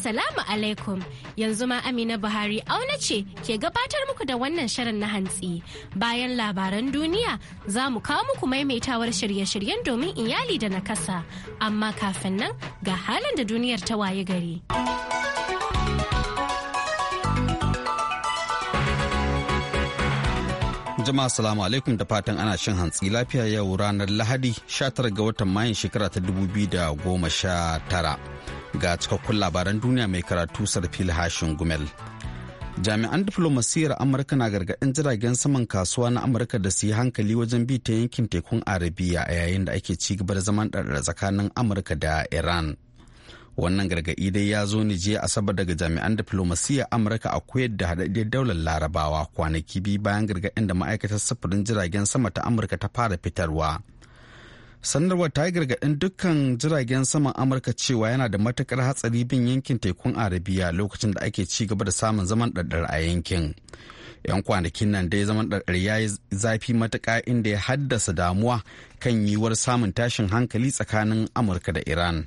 Assalamu alaikum yanzu ma Amina Buhari auna ce ke gabatar muku da wannan shirin na hantsi. Bayan labaran duniya za mu kawo muku maimaitawar shirye-shiryen domin iyali da nakasa. Amma kafin nan ga halin da duniyar ta waye gari. Jama'a salamu alaikum da fatan ana shan hantsi lafiya yau ranar Lahadi 19 ga watan Mayun shekara ta 2019. ga cikakkun labaran duniya mai karatu sarfil hashin gumel jami'an diflomasiyyar amurka na gargaɗin jiragen saman kasuwa na amurka da su yi hankali wajen bi ta yankin tekun arabiya a yayin da ake ci gaba da zaman ɗarɗar tsakanin amurka da iran wannan gargaɗi dai ya zo ni jiya asabar daga jami'an diflomasiyyar amurka a koyar da haɗaɗɗiyar daular larabawa kwanaki biyu bayan gargaɗin da ma'aikatar sufurin jiragen sama ta amurka ta fara fitarwa sanarwar ta yi gargaɗin dukkan jiragen saman amurka cewa yana da matukar hatsari bin yankin tekun arabiya lokacin da ake ci gaba da samun zaman ɗaɗɗar a yankin yan kwanakin nan dai zaman ɗaɗɗar ya yi zafi matuƙa inda ya haddasa damuwa kan yiwuwar samun tashin hankali tsakanin amurka da iran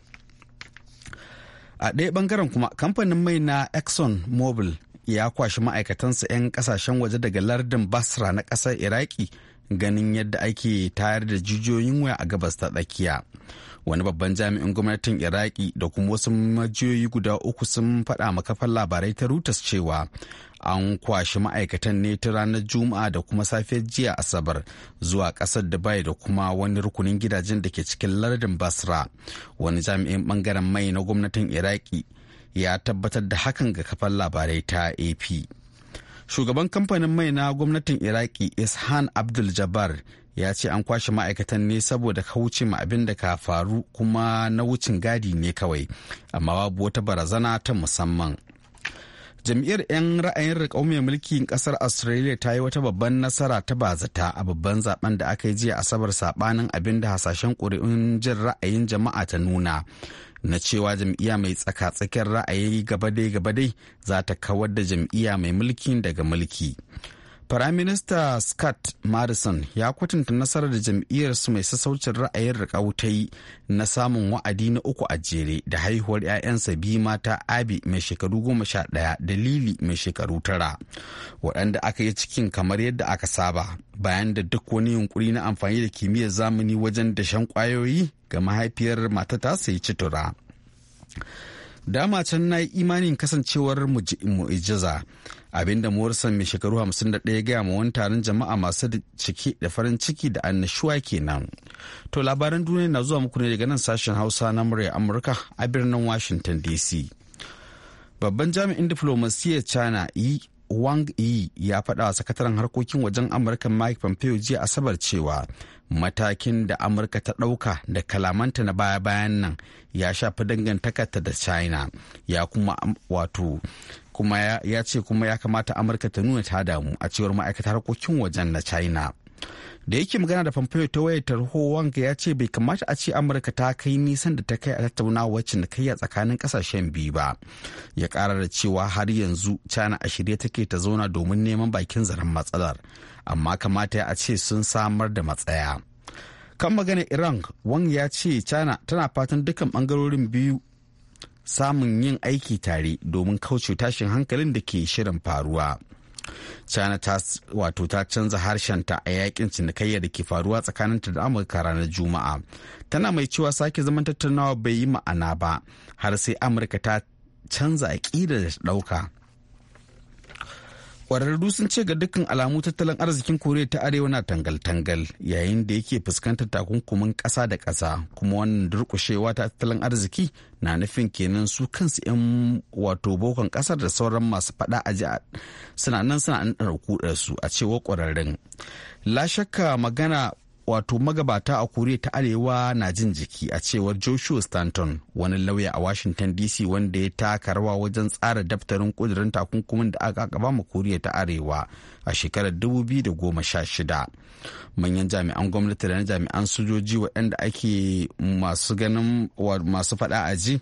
a ɗaya ɓangaren kuma kamfanin mai na exxon mobil ya kwashi ma'aikatansa 'yan kasashen waje daga lardin basra na ƙasar iraki ganin yadda ake tayar da jijiyoyin waya a gabas ta tsakiya wani babban jami'in gwamnatin iraki da kuma wasu majiyoyi guda uku sun faɗa makafar labarai ta rutas cewa an kwashi ma'aikatan ne ta ranar juma'a da kuma safiyar jiya asabar zuwa ƙasar dubai da kuma wani rukunin gidajen da ke cikin lardin basra wani jami'in bangaren mai na gwamnatin iraki ya tabbatar da hakan ga kafar labarai ta ap shugaban kamfanin mai na gwamnatin iraki ishan abdul jabbar ya ce an kwashe ma'aikatan ne saboda kauce ma abin da ka faru kuma na wucin gadi ne kawai amma babu wata barazana ta musamman jam'iyyar 'yan ra'ayin riƙau mai mulkin ƙasar australia ta yi wata babban nasara ta bazata a babban zaben da aka yi jiya asabar sabanin abin da hasashen ƙuri'un jin ra'ayin jama'a ta nuna na cewa jam'iyya mai tsaka-tsakiyar ra'ayi gabadai gabadai gaba dai za ta kawar da jam'iyya mai mulki daga mulki Firaminista Scott Morrison ya kwatanta nasarar da jam'iyyarsu mai sassaucin ra'ayin riƙau ta yi na samun wa'adi na uku a jere da haihuwar 'ya'yansa biyu mata Abi mai shekaru goma sha ɗaya da Lili mai shekaru tara, waɗanda aka yi cikin kamar yadda aka saba bayan da duk wani yunkuri na amfani da kimiyyar zamani wajen dashen ƙwayoyi ga mahaifiyar mata ta sayi citura. Dama can na yi imanin kasancewar mu'jiza. abinda morrison mai shekaru 51 ya gaya ma wani taron jama'a masu cike da farin ciki da annashuwa nan to labaran duniya na zuwa muku ne daga nan sashen hausa na murya amurka a birnin washington dc babban jami'in diplomasiyyar china yi Wang Yi ya faɗa wa sakataren harkokin wajen Amurka Mike Pompeo jiya Asabar cewa matakin da Amurka ta ɗauka da kalamanta na baya-bayan nan ya shafi dangantakarta da China ya kuma wato kuma ya ce kuma ya kamata amurka ta nuna ta damu a cewar ma'aikata harkokin wajen na china da yake magana da pompeo ta wayar tarho wanga ya ce bai kamata a ce amurka ta kai nisan da ta kai a kai a tsakanin kasashen biyu ba ya kara da cewa har yanzu china a shirye take ta zauna domin neman bakin zaren matsalar amma kamata ya ce sun samar da matsaya kan magana iran wang ya ce china tana fatan dukkan bangarorin biyu samun yin aiki tare domin kauce tashin hankalin da ke shirin faruwa. China ta wato ta canza harshenta a yakin cinikayya da ke faruwa tsakaninta da Amurka ranar Juma'a. Tana mai cewa sake zaman tattaunawa bai yi ma'ana ba har sai Amurka ta canza aƙidar da ɗauka. kwararru sun ce ga dukkan alamu tattalin arzikin koriya ta arewa na tangal-tangal yayin da yake fuskantar takunkumin kasa da kasa kuma wannan durkushewa ta tattalin arziki na nufin kenan su kansu 'yan wato bokon ƙasar da sauran masu faɗa a ji suna nan suna an su a cewa kwararrun la shakka magana wato magabata a koriya ta arewa na jin jiki a cewar joshua stanton wani lauya a washington dc wanda ya taka rawa wajen tsara daftarin kudirin takunkumin da aka gaba ma koriya ta arewa a shekarar 2016 manyan jami'an gwamnati da na jami'an sojoji waɗanda ake masu ganin masu faɗa a ji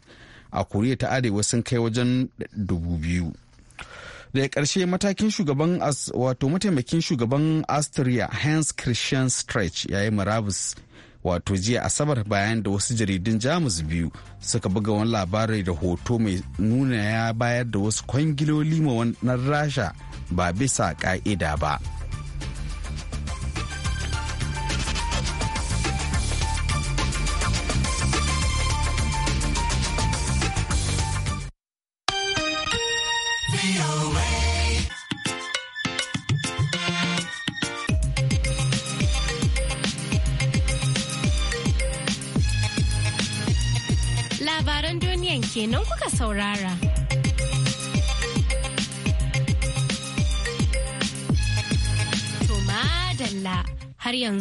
a koriya ta arewa sun kai wajen dubu biyu daga ƙarshe matakin shugaban wato mataimakin shugaban austria hans christian stretch ya yi marabus wato jiya asabar bayan da wasu jaridun jamus biyu suka buga wani labari da hoto mai nuna ya bayar da wasu kwangiloli ma wannan rasha ba bisa ka'ida ba.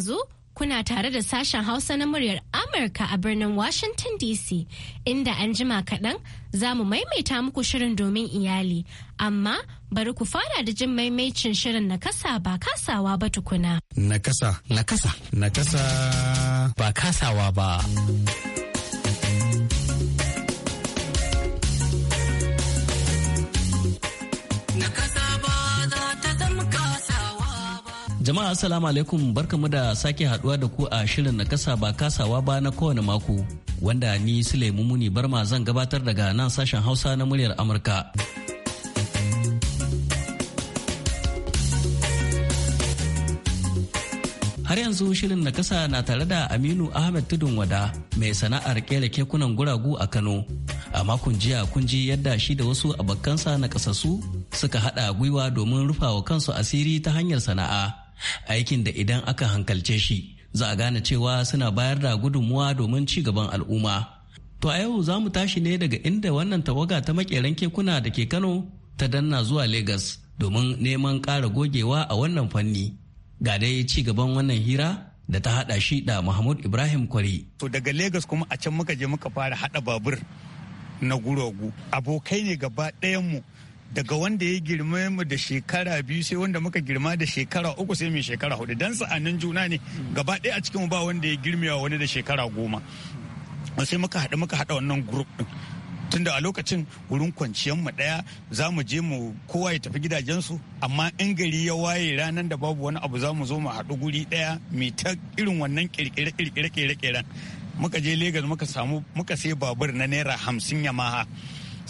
yanzu kuna tare da sashen Hausa na muryar Amurka a birnin Washington DC inda an jima kaɗan za mu maimaita muku shirin domin iyali, amma bari ku fara da jin maimaicin shirin nakasa ba kasawa ba tukuna. Na kasa. nakasa. Ba kasawa ba. Jama'a assalamu alaikum barkamu da sake haduwa da ku a shirin na kasa ba kasawa ba na kowane mako wanda ni Sule Muni Barma zan gabatar daga nan sashen Hausa na muryar Amurka. Har yanzu shirin na kasa na tare da Aminu Ahmed Tudun Wada mai sana'ar kera kekunan guragu a Kano. A makon jiya kun ji yadda shi da wasu abokansa na kasassu suka haɗa gwiwa domin rufawa kansu asiri ta hanyar sana'a. aikin da idan aka hankalce shi za a gane cewa suna bayar da gudunmuwa domin ci gaban al'umma. To a yau za mu tashi ne daga inda wannan tawaga ta makeran kekuna da ke Kano ta danna zuwa Legas domin neman ƙara gogewa a wannan fanni. Ga dai ci gaban wannan hira da ta haɗa shi da Mahmud Ibrahim Kwari. To daga Legas kuma a can muka je muka fara haɗa babur na gurogu Abokai ne gaba mu. daga wanda ya girma mu da shekara biyu sai wanda muka girma da shekara uku sai mai shekara hudu dan sa'anin juna ne gaba ɗaya a cikin ba wanda ya wa wani da shekara goma sai muka haɗu muka haɗa wannan group din tunda a lokacin wurin kwanciyar mu daya za mu je mu kowa ya tafi gidajensu amma in gari ya waye ranar da babu wani abu za mu zo mu haɗu guri daya mai ta irin wannan kirkire kirkire kirkire muka je Legas muka samu muka sai babur na naira hamsin yamaha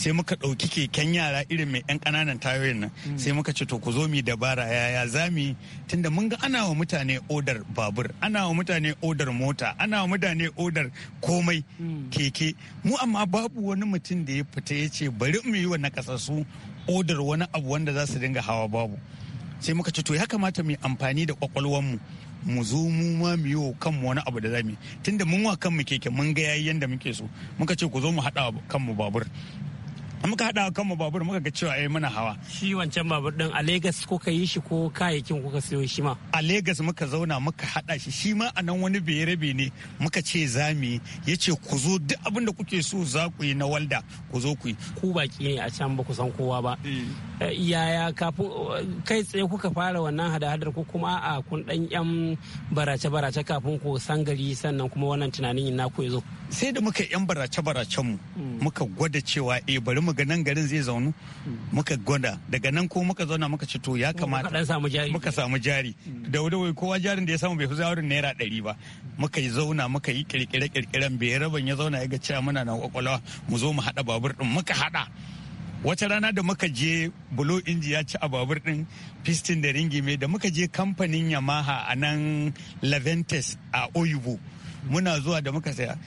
sai muka ɗauki keken yara irin mai 'yan ƙananan tayoyin nan mm. sai muka ce to ku zo mu dabara yaya za mu tunda mun ga ana wa mutane odar babur ana wa mutane odar mota ana wa mutane odar komai mm. keke mu amma babu wani mutum da ya fita ya ce bari mu yi wa nakasassu odar wani abu wanda za su dinga hawa babu sai muka ce to ya kamata mu yi amfani da kwakwalwarmu mu zo mu ma mu yi wa kanmu wani abu da za mu tunda mun wa kanmu keke mun ga yayi yanda muke so muka ce ku zo mu haɗa kanmu babur muka haɗa kan mu babur muka ga cewa eh muna hawa shi wancan babur din a Lagos kuka yi shi ko kayayyakin kuka siyo shi ma a Lagos muka zauna muka haɗa shi shi ma anan wani bere ne muka ce za yace ku zo duk abin da kuke so za ku yi na walda ku zo ku yi ku baki ne a can ba ku san kowa ba eh. Eh, yaya kafin kai tsaye kuka fara wannan hada-hadar ko kuma a ah, kun dan yan barace-barace kafin ku san gari sannan kuma wannan tunanin na ya zo sai da muka yan barace-baracen mu muka gwada cewa eh bari mu ga nan garin zai zaunu muka gwada daga nan ko muka zauna muka ci to ya kamata muka samu jari da wai kowa jarin da ya samu bai fi zaurin naira ɗari ba muka yi zauna muka yi kirkire-kirkiren bai raban ya zauna ya ga cewa muna na kwakwalwa mu zo mu haɗa babur ɗin muka haɗa wata rana da muka je bulo inji ya ci ababur din pistin da ringi mai da muka je kamfanin yamaha a nan laventes a oyubo muna zuwa da muka saya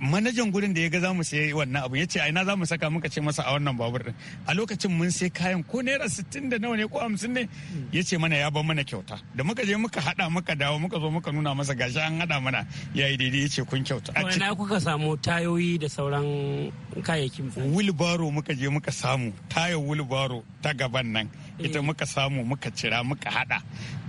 manajan gurin da ya ga zamu sayi wannan abu ya ce aina za mu saka muka ce masa a wannan babur din a lokacin mun sai kayan ko naira sittin da nawa ne ko hamsin ne ya ce mana ya ban mana kyauta da muka je muka hada muka dawo muka zo muka nuna masa gashi an hada mana ya yi daidai ya ce kun kyauta a ina kuka samu tayoyi da sauran kayayyakin wilbaro muka je muka samu tayar wilbaro ta gaban nan ita eh. muka samu muka cira muka hada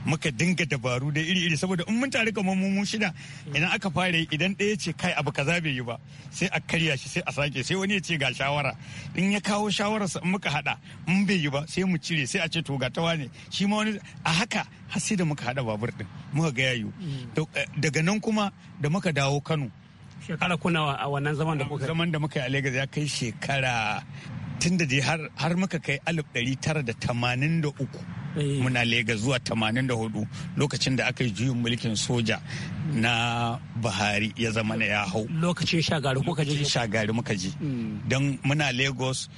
muka dinga dabaru da iri iri saboda in mun tare kamar mu shida hmm. idan aka fara idan ɗaya ce kai abu kaza bai yi ba sai a karya shi sai a sake sai wani ya ce ga shawara in ya kawo shawararsa in muka hada in bai yi ba sai mu cire sai a ce to ga tawa ne shi ma wani a haka har sai da muka hada babur din muka ga yayu eh, daga nan kuma da muka dawo Kano shekara kuna a wannan zaman da kuka zaman da muka yi a Lagos ya kai shekara tun da har muka kai 1983 Eh. muna lega zuwa 84 lokacin da aka yi juyin mulkin soja na buhari ya zama na ya hau lokacin shagari kuka je shagari muka je hmm. don muna lagos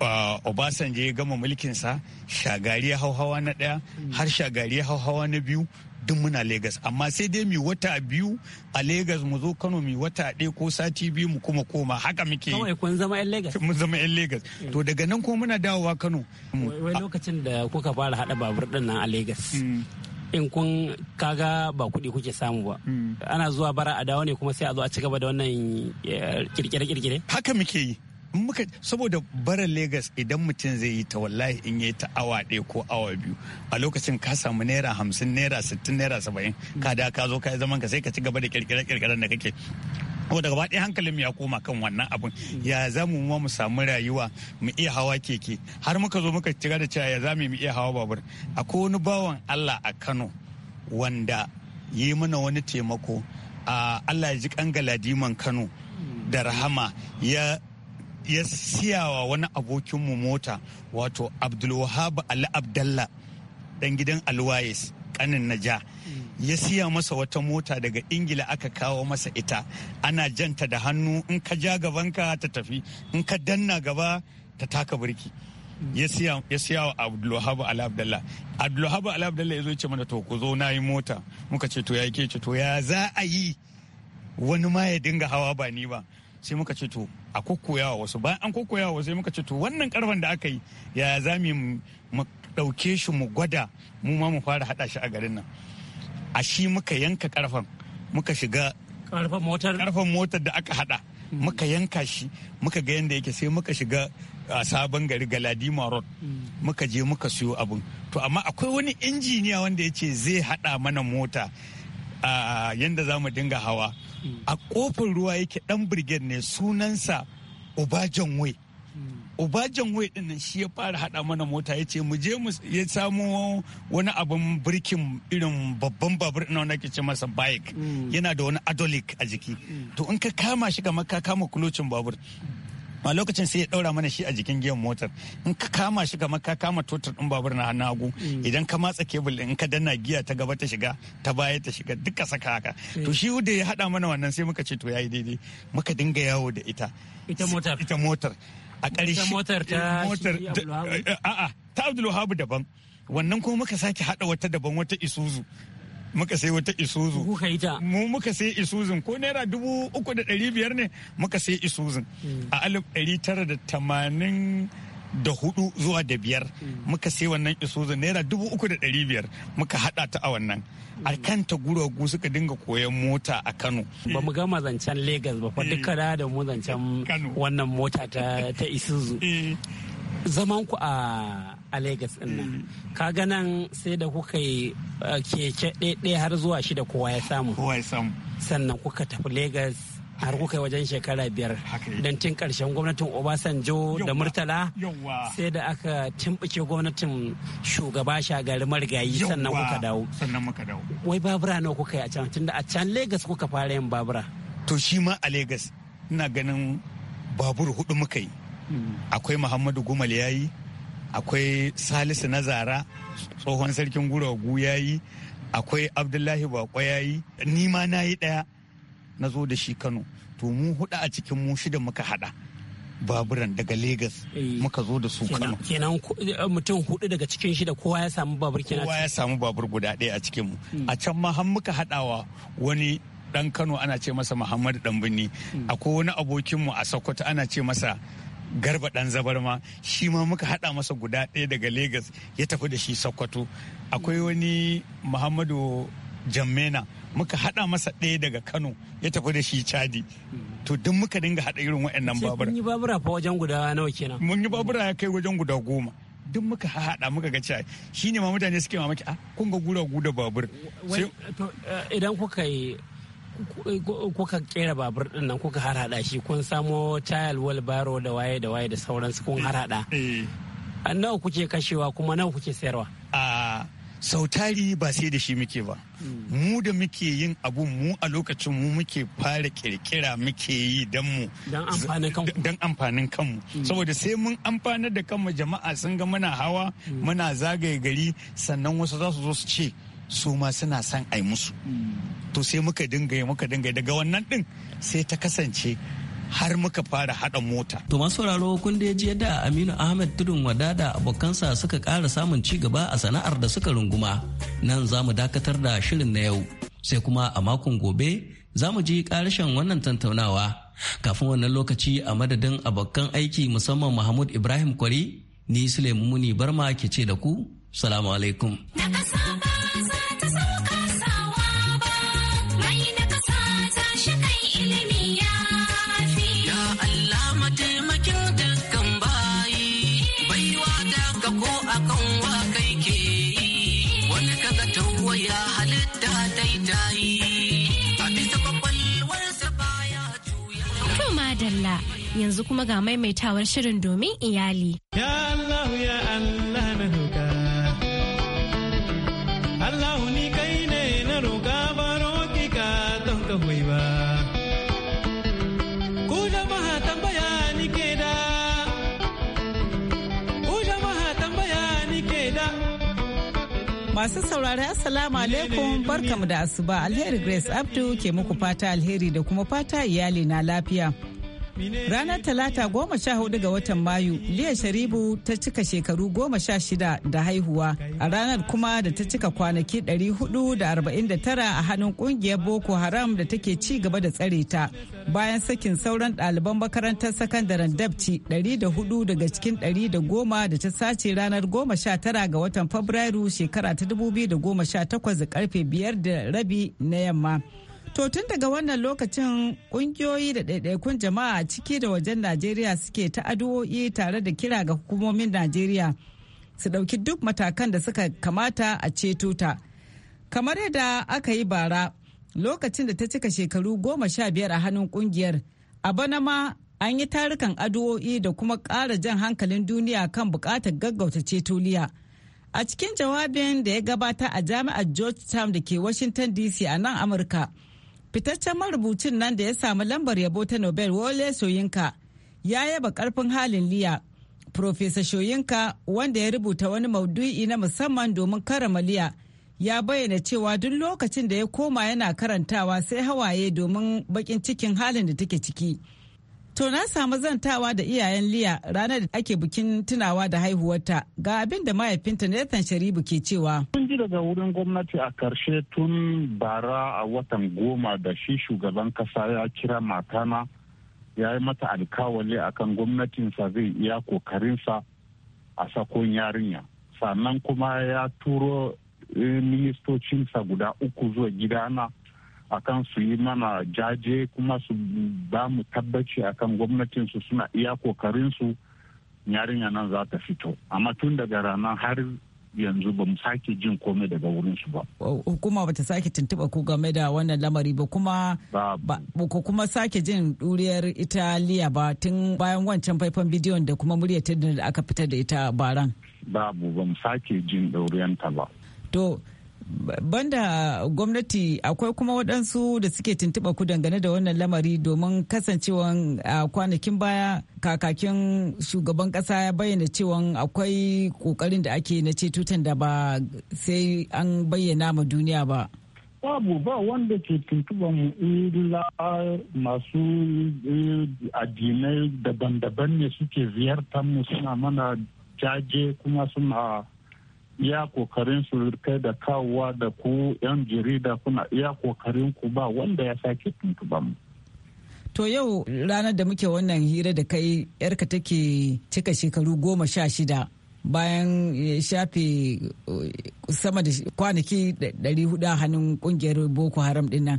uh, obasanjo ya gama mulkinsa shagari ya hau hawa na ɗaya hmm. har shagari ya hau hawa na biyu duk muna Legas amma sai dai mu wata biyu a Legas mu zo Kano mu wata ɗaya ko sati biyu mu kuma koma haka muke kawai kun zama ƴan Legas mun zama ƴan Legas eh. to daga nan kuma muna dawowa Kano wai lokacin da kuka fara hada babur din nan a Legas mm. in kun kaga ba kuɗi kuke samu ba mm. ana zuwa bara a dawo ne kuma sai a zo a ci gaba da wannan eh, kirkire-kirkire haka muke yi muka saboda barin Legas idan mutum zai yi ta wallahi in yi ta awa ɗaya ko awa biyu a lokacin ka samu naira hamsin naira sittin naira saba'in ka da ka zo ka yi zaman ka sai ka ci gaba da kirkire-kirkiren da kake ko daga baɗi hankalin ya koma kan wannan abun ya za mu ma mu samu rayuwa mu iya hawa keke har muka zo muka cika da cewa ya za mu iya hawa babur akwai wani bawan Allah a Kano wanda yi mana wani taimako a ah, Allah ya ji kan galadiman Kano da rahama ya ya siyawa wani abokinmu mota wato abdulwahab ali abdallah dan gidan alwayes kanin naja ya siya masa wata mota daga ingila aka kawo masa ita ana janta da hannu in ka ja gabanka ta tafi in ka danna gaba ta taka birki ya siya wa abdulwahab ali abdallah abdulwahab ali abdallah ya zo ce mana to ku zo na yi mota muka ce to ya yi ke ce to ya za a yi wani ma ya dinga hawa ba ni ba sai muka ce to a kokkoyawa wasu bayan an kokkoyawa wasu sai muka ce to wannan karfan da aka yi ya za mu ɗauke shi mu gwada mu ma mu fara haɗa shi a garin nan a shi muka yanka karfan muka shiga karfan motar karfan motar da aka haɗa hmm. muka yanka shi muka ga yadda yake sai muka shiga a sabon gari galadima road hmm. muka je muka siyo abin to amma akwai wani injiniya wanda ya ce zai hada mana mota yadda za mu dinga hawa a kofin ruwa yake dan birgen ne sunansa ubajan wai ubajan wai din nan shi ya fara hada mana mota ya ce mu je mu ya samu wani abin birkin irin babban babur na wanda ce masa bike mm. yana da wani adolik a jiki mm. to in ka kama shi kamar ka kama kulocin babur ba lokacin sai ya daura mana shi a jikin giyan motar in ka kama shi kamar ka kama totar din babur na hannu mm. idan ka matsa kebul in ka danna giya ta gaba ta shiga ta baya ta shiga duka saka haka to mm. shi da ya hada mana wannan sai muka ce to yayi daidai muka dinga yawo da ita ita motar ita motar a ƙarshe motar ta eh, motar eh, eh, a'a ta Abdul daban wannan kuma muka sake hada wata daban wata Isuzu muka sai wata isuzu mu muka sai isuzun ko naira dubu uku da ɗari biyar ne muka sai isuzun hmm. a alif ɗari tara da tamanin da hudu zuwa da biyar hmm. muka sai wannan isuzu naira dubu uku da dari biyar muka hada ta a wannan a hmm. kan ta guragu suka dinga koyan mota a kano ba mu gama zancen Legas ba fa duka eh. da mu zancen wannan mota ta isuzu eh. zaman ku a Legas ɗin nan. Mm. Kaga nan sai da kuka yi uh, keke ɗaya har zuwa shida kowa ya samu. Kowa ya samu. Sannan kuka tafi Legas har kuka yi wajen shekara biyar. Don tun ƙarshen gwamnatin Obasanjo da Murtala sai da aka timbice gwamnatin shugaba shagari marigayi sannan kuka dawo. Sannan muka dawo. Wai babura nawa kuka yi a can tunda a can Legas kuka fara yin babura. To shi ma a Legas ina ganin babur hudu muka yi. akwai muhammadu gumal ya yi akwai salisu nazara tsohon sarkin guragu ya yi akwai abdullahi bakwa ya yi ni ma na yi ɗaya na zo da shi kano to mu huɗu a cikin mu shida muka haɗa baburan daga Legas eh, muka zo da su Kano. Kenan eh, mutum hudu daga cikin shida kowa ya samu babur kenan. Kowa ya samu babur guda ɗaya a cikin mu. Hmm. A can ma har muka haɗawa wani ɗan Kano ana ce masa Muhammadu Ɗanbini. Hmm. Akwai wani abokinmu a Sokoto ana ce masa garba dan zabarma shi ma muka hada masa guda ɗaya daga Legas ya tafi da shi Sokoto akwai wani Muhammadu Jammena muka hada masa ɗaya daga Kano ya tafi da shi Chadi to duk muka dinga hada irin waɗannan babura mun yi babura fa wajen guda nawa kenan mun yi babura ya kai wajen guda goma duk muka haɗa muka ga cewa shi ne ma mutane suke mamaki a ah, kun ga gura guda babur eh, idan kuka yi kuka kera babur din nan kuka harhada shi kun samo tayal wal baro da waye da waye da sauransu kun a eh. nawa kuke kashewa kuma nawa kuke sayarwa a sautari ba sai da shi muke ba hmm. mu da muke yin abun mu a lokacin mu muke fara kirkira muke yi don mu don amfanin kanmu hmm. saboda sai mun amfanar da kanmu jama'a sun ga muna hawa hmm. muna zagaye gari sannan wasu za su zo su ce su ma suna son ai musu to sai muka dinga yi muka dinga daga wannan din sai ta kasance har muka fara hada mota. To masu sauraro kun da ji yadda Aminu Ahmed Tudun Wadada abokansa suka kara samun ci gaba a sana'ar da suka runguma. Nan za mu dakatar da shirin na yau. Sai kuma a makon gobe za mu ji ƙarashen wannan tantaunawa. Kafin wannan lokaci a madadin abokan aiki musamman Mahmud Ibrahim Kwari, ni Suleiman Muni Barma ke ce da ku, salamu alaikum. yanzu kuma ga maimaitawar shirin domin iyali. Ya Allah Masu saurari Assalamu alaikum barkamu da asuba Alheri Grace Abdu ke muku fata alheri da kuma fata iyali na lafiya. Ranar Talata goma sha hudu ga watan Mayu, Liya Sharibu ta cika shekaru goma sha shida da haihuwa a ranar kuma da ta cika kwanaki ɗari da da arba'in hudu tara a hannun kungiyar Boko Haram da take ci gaba da tsare ta bayan sakin sauran ɗaliban makarantar sakandaren Dabci ɗari da hudu daga cikin ɗari da goma da ta sace ranar goma sha tara ga watan Fabrairu shekara ta dubu takwas da karfe biyar da rabi na yamma. To tun daga wannan lokacin kungiyoyi da ɗaiɗaikun jama'a ciki da wajen Najeriya suke ta addu'o'i tare da kira ga hukumomin Najeriya su ɗauki duk matakan da suka kamata a ceto ta. Kamar yadda aka yi bara lokacin da ta cika shekaru goma sha biyar a hannun kungiyar, a bana ma an yi tarukan addu'o'i da kuma ƙara jan hankalin duniya kan buƙatar gaggauta ceto liya. A cikin jawabin da ya gabata a jami'ar Georgetown da ke Washington DC a nan Amurka. fitaccen marubucin nan da ya samu lambar yabo ta nobel wole soyinka ya yaba karfin halin liya Profesa Shoyinka wanda ya rubuta wani maudu'i na musamman domin karama liya ya bayyana cewa duk lokacin da ya koma yana karantawa sai hawaye domin bakin cikin halin da take ciki. To na samu zantawa da iyayen Liya ranar da ake bikin tunawa da haihuwarta ga abin da mahaifinta Nathan Sharibu ke cewa. Mun ji daga wurin gwamnati a karshe tun bara a watan goma da shi shugaban kasa ya kira matana ya yi mata alkawali a kan gwamnatinsa zai iya kokarinsa a sakon yarinya. Sannan kuma ya turo eh, ministocinsa guda uku zuwa gidana. akan su yi mana jaje kuma su ba mu tabbaci akan gwamnatinsu suna iya su yarinya nan za ta fito amma tun daga ranar har yanzu ba mu sake jin komai daga wurin su ba. Hukuma bata sake tuntuɓa ku game da wannan lamari ba kuma ba ku kuma sake jin ɗuriyar Italiya ba tun bayan wancan faifan bidiyon da kuma muryar da aka fitar da ita baran. Babu ba mu sake jin ɗuriyanta ba. To banda gwamnati akwai kuma waɗansu da suke tuntuɓa ku dangane da wannan lamari domin kasancewa a kwanakin baya kakakin shugaban ƙasa ya bayyana cewa akwai ƙoƙarin da ake na ce cetutan da ba sai an bayyana ma duniya ba. babu ba wanda ke tuntuban illa masu eh, addinai daban-daban ne suke ziyartar mu suna mana jaje kuma suna ya kokarin su kai da kawowa da ku yan jarida kuna iya kokarin ku ba wanda ya sake tuntuba mu To yau ranar da muke wannan hira da kai yarka take cika shekaru goma sha shida bayan ya shafe uh, sama da kwanaki 400 hannun kungiyar Boko Haram dinnan.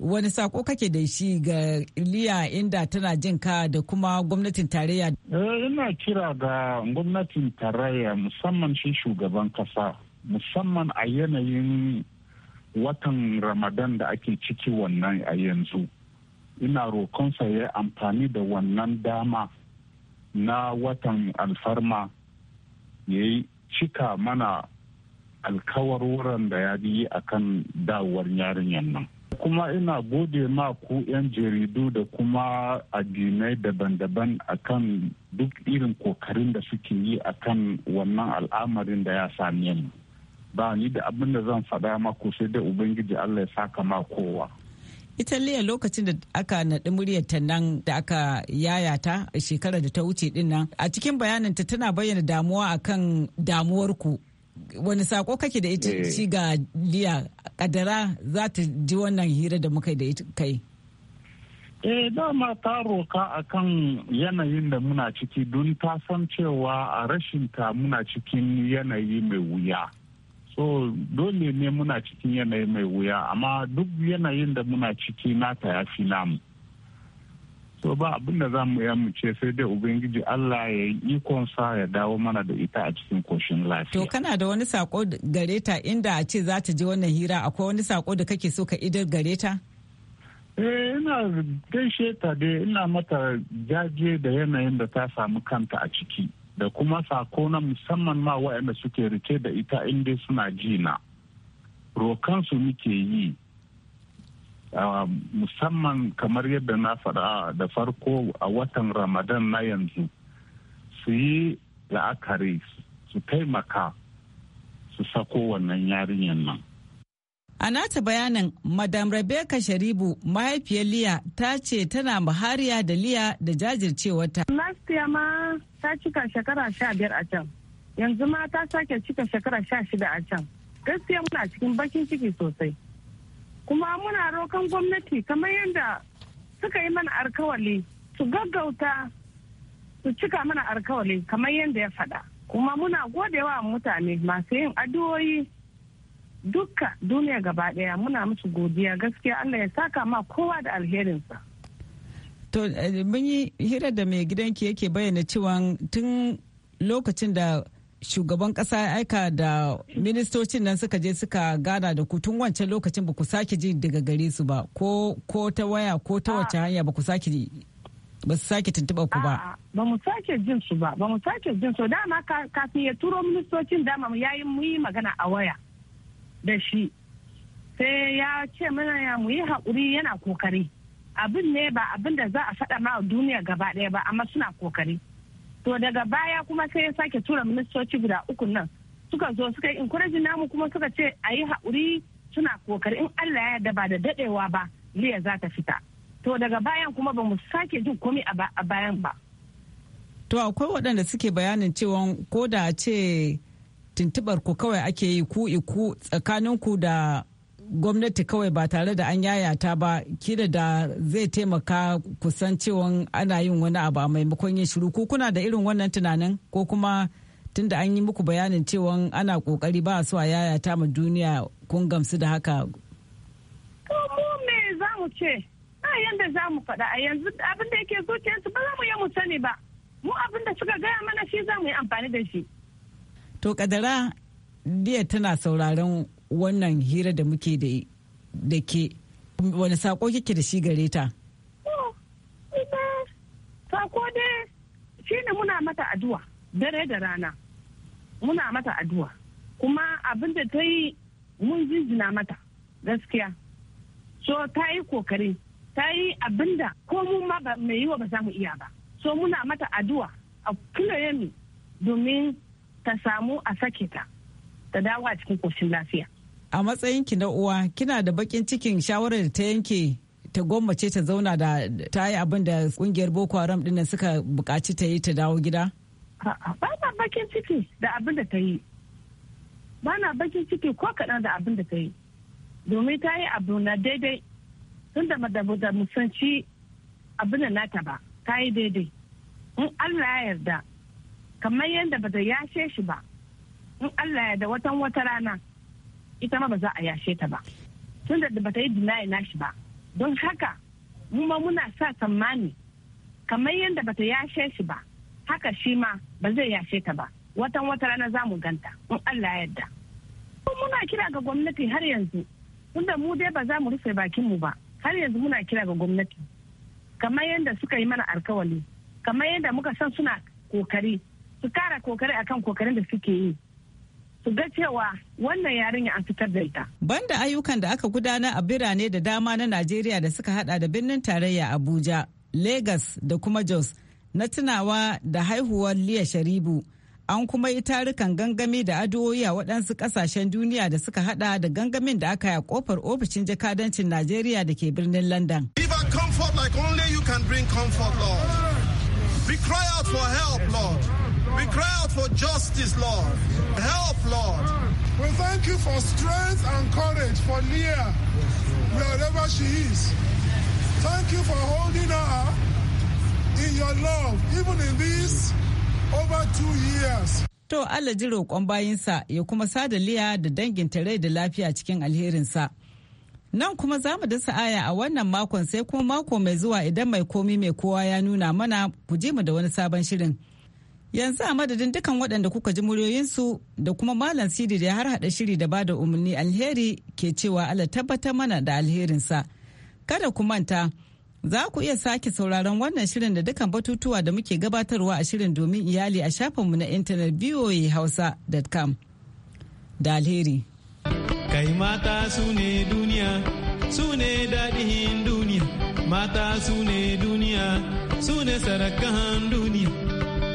wani sako kake da shi ga iliya inda tana jin ka da kuma gwamnatin tarayya eh, ina kira ga gwamnatin tarayya musamman shi shugaban kasa musamman a yanayin watan ramadan da ake ciki wannan a yanzu ina rokonsa ya amfani da wannan dama na watan alfarma ya yi cika mana alkawar wuran da ya yi kan dawowar yarinyar nan kuma ina gode ma ku 'yan jaridu da kuma addinai daban-daban akan duk irin kokarin da suke yi akan wannan al'amarin da ya same mu ba ni da abin da zan faɗa maku sai dai ubangiji allah ya saka ma kowa italiya lokacin da aka naɗi muryar ta nan da aka yayata a shekarar da ta wuce din nan a cikin bayaninta tana bayyana damuwa akan damuwar ku wani sako kake da ita ci eh. liya kadara za ta ji wannan hira da muka da kai eh dama ta roka akan yanayin da muna ciki don ta san cewa a rashinta muna cikin yanayi mai wuya so dole ne muna cikin yanayi mai wuya amma duk yanayin da muna ciki nata ya fi namu so ba abin da za mu mu ce sai dai ubangiji allah ya yi sa ya dawo mana da ita a cikin koshin lafiya to kana da wani sako gareta inda a ce za ta ji wannan hira akwai wani sako da kake so ka idar gare ta eh ina gaishe ta dai ina mata jaje da yanayin da ta samu kanta a ciki da kuma sako na musamman ma waɗanda suke rike da ita inda suna jina rokansu muke yi Um, musamman kamar yadda na faɗa da farko a watan ramadan na yanzu su yi la'akari su taimaka su sako wannan yarinyar nan A nata bayanin Madam Rebecca Sharibu mahaifiyar Liya ta ce tana mahariya da Liya da jajircewarta. Last year ma ta cika shekara sha biyar a can. Yanzu ma ta sake cika shekara sha shida a can. Gaskiya muna cikin bakin ciki sosai. kuma muna rokan gwamnati kamar yadda suka yi mana alkawali su gaggauta su cika mana alkawali kamar yadda ya faɗa kuma muna godewa mutane masu yin addu'o'i duka duniya gaba ɗaya muna musu godiya gaskiya allah ya saka ma kowa da alherinsa to eh, mun yi hira da mai gidanki yake bayyana cewa tun lokacin da shugaban kasa ya aika da ministocin nan suka je suka gana da ku tun wancan lokacin ba ku sake ji daga gare su ba ko ko ta waya ko ta wace ah. hanya ba ku sake ba su sake tuntuɓa ku ba. Ah, ba mu sake jin su ba, ba mu sake jin su dama kafin ya turo ministocin dama ya yi mu yi magana a waya da shi. Sai ya ce mana ya mu yi haƙuri yana kokari. Abin ne ba abin da za a faɗa ma duniya gaba ɗaya ba amma suna kokari. to daga baya kuma sai ya sake tura ministoci guda uku nan suka zo suka yi encouraging namu kuma suka ce a yi haƙuri suna kokari in Allah ya yarda ba da dadewa ba liya za ta fita to daga bayan kuma ba mu sake jin komai a bayan ba to akwai waɗanda suke bayanin cewa ko da ce tuntubar ku kawai ake yi ku iku tsakanin ku da gwamnati kawai ba tare da an yayata ba kila da zai taimaka kusan cewa ana yin wani abu a maimakon yin shiru ko kuna da irin wannan tunanin ko kuma tunda an yi muku bayanin cewa ana kokari ba su a yayata ma duniya kun gamsu da haka ko mu me za mu ce a yanda za mu faɗa a yanzu abin da yake zuciyarsu ba za mu yi mu sani ba mu abin da suka gaya mana shi za mu yi amfani da shi to kadara diya tana sauraron wannan hira da muke da ke wani sako kike da shi gare ta sako dai shine muna mata addu'a dare da rana muna mata addu'a kuma abin da ta yi mun jinjina mata gaskiya so ta yi kokari ta yi abin da ko mu ma mai yiwa ba za mu iya ba so muna mata addu'a a kullum domin ta samu a sake ta ta dawo a cikin koshin lafiya a matsayinki na uwa kina da bakin cikin shawarar da ta yanke ta gwammace ta zauna da ta yi abin da kungiyar boko haram dinnan suka bukaci ta yi ta dawo gida ba na bakin ciki da abin da ta yi ba na bakin ciki ko kaɗan da abin da ta yi domin ta yi abu na daidai tun da da musanci abin da nata ba ta yi daidai in allah ya yarda kamar yadda ba ta yashe shi ba in allah ya yarda watan wata rana ita ma ba za a yashe ta ba tun da bata yi dinayi nashi ba don haka mu ma muna sa tsammani kamar yadda bata yashe shi ba haka shi ma ba zai yashe ta ba watan wata rana za mu ganta in Allah yadda. yarda muna kira ga gwamnati har yanzu tunda mu dai ba za mu rufe bakin mu ba har yanzu muna kira ga gwamnati kamar yadda suka yi mana alkawali kamar yadda muka san suna kokari su kara kokari akan kokarin da suke yi su ga cewa wannan yarinya an fitar da ita. Banda ayyukan da aka gudanar a birane da dama na Najeriya da suka hada da birnin tarayya Abuja, Legas da kuma Jos na tunawa da haihuwar Liya Sharibu. An kuma yi tarukan gangami da addu'o'i a waɗansu ƙasashen duniya da suka hada da gangamin da aka yi a ƙofar ofishin jakadancin Najeriya da ke birnin London. Give comfort like only you can bring comfort, Lord. cry out for help, Lord. We cry out for justice, Lord. Help, Lord. We thank you for strength and courage for Leah, wherever she is. Thank you for holding her in your love, even in these over two years. To Allah ji roƙon bayinsa ya kuma sada liya da dangin rai da lafiya cikin alherinsa. Nan kuma za mu dasa aya a wannan makon sai kuma mako mai zuwa idan mai komi mai kowa ya nuna mana ku ji mu da wani sabon shirin. Yanzu a madadin dukan waɗanda kuka ji muryoyinsu da kuma Malam Sidi da ya har hada shiri da bada umarni alheri ke cewa Allah tabbatar mana da alherinsa. Kada ku manta, za ku iya sake sauraron wannan shirin da dukan batutuwa da muke gabatarwa a shirin domin iyali a shafinmu na intanet hausa.com Da alheri. Kai mata su ne duniya, su ne daɗin duniya, mata su ne duniya, su ne sarakan duniya.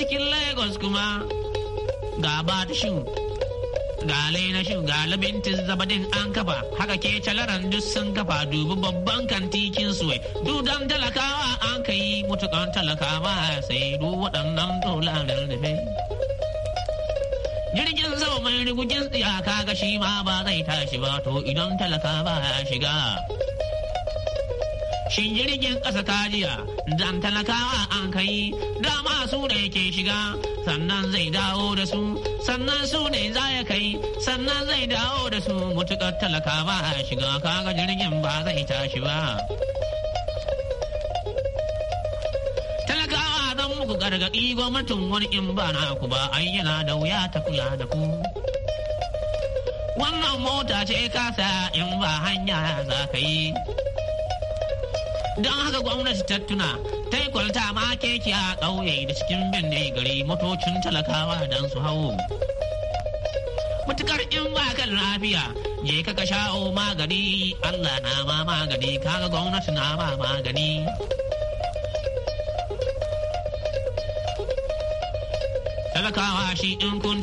cikin Lagos kuma ga batishin ga na shin ga labintin zabadin an kafa haka ke calaran duk sun kafa dubi babban kantikin suwai dudan talakawa an ka yi mutukan talakawa sai du waɗannan dolarar da bai jirgin sama mai rigujin tsiyaka ga shi ma ba zai tashi ba to idan talakawa ya shiga shin jirgin ƙasa ta jiya dan talakawa an kai dama su da yake shiga sannan zai dawo da su sannan su ne za ya kai sannan zai dawo da su mutukar talaka ba a shiga kaga jirgin ba zai tashi ba talakawa don muku gargaɗi gwamnatin wani in ba na ku ba ai yana da wuya ta kula da ku wannan mota ce kasa in ba hanya za ka yi don haka gwamnati ta tuna ta yi kwalta ma keke a ƙauye da cikin binne gari motocin talakawa don su hau matukar in ba kan lafiya je ka ka sha'o magani allah na ma magani kaga gwamnati na ma magani talakawa shi in kun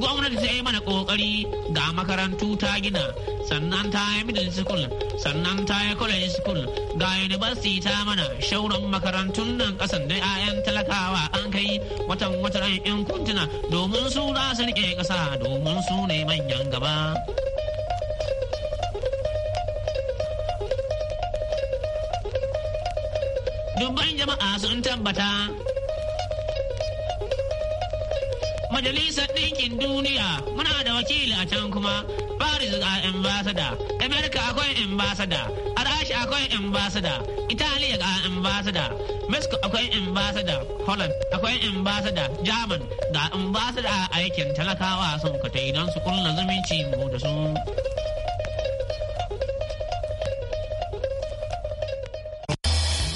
gwamnati ta yi mana kokari ga makarantu ta gina sannan ta yi middle school sannan ta yi college school ga university ta mana shauran makarantun nan kasan da 'ya'yan talakawa an kai watan watan yan kuntuna domin su za su rike kasa domin su ne manyan gaba dubban jama'a sun tabbata majalisar ɗinkin duniya muna da wakili a can kuma paris a ambasada america akwai ambasada arashi akwai ambasada italiya a ambasada mexico akwai ambasada holland akwai ambasada german ga ambasada a aikin talakawa sun katai idan su kulla zumunci mu da su